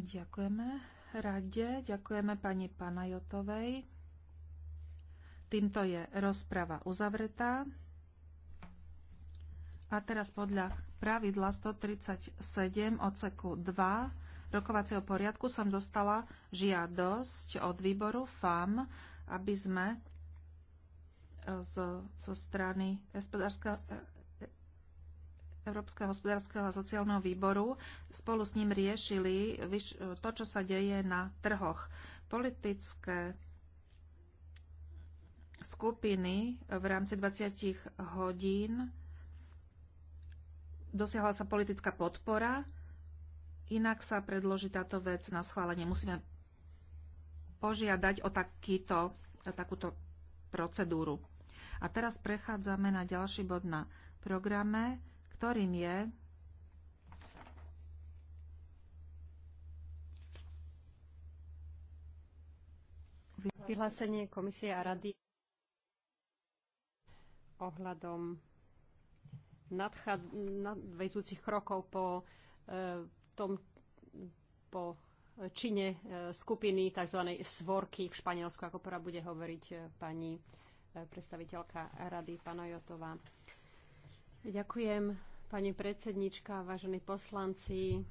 Ďakujeme rade, ďakujeme pani Panajotovej. Týmto je rozprava uzavretá. A teraz podľa pravidla 137 odseku 2 rokovacieho poriadku som dostala žiadosť od výboru FAM, aby sme e, zo, zo strany Európskeho hospodárskeho a sociálneho výboru spolu s ním riešili to, čo sa deje na trhoch. Politické skupiny v rámci 20 hodín dosiahla sa politická podpora, inak sa predloží táto vec na schválenie. Musíme požiadať o, takýto, o takúto procedúru. A teraz prechádzame na ďalší bod na programe ktorým je vyhlásenie komisie a rady ohľadom nadväzujúcich krokov po e, tom po čine e, skupiny tzv. svorky v Španielsku, ako prvá bude hovoriť e, pani predstaviteľka rady, pana Jotová. Ďakujem. Pani predsednička, vážení poslanci,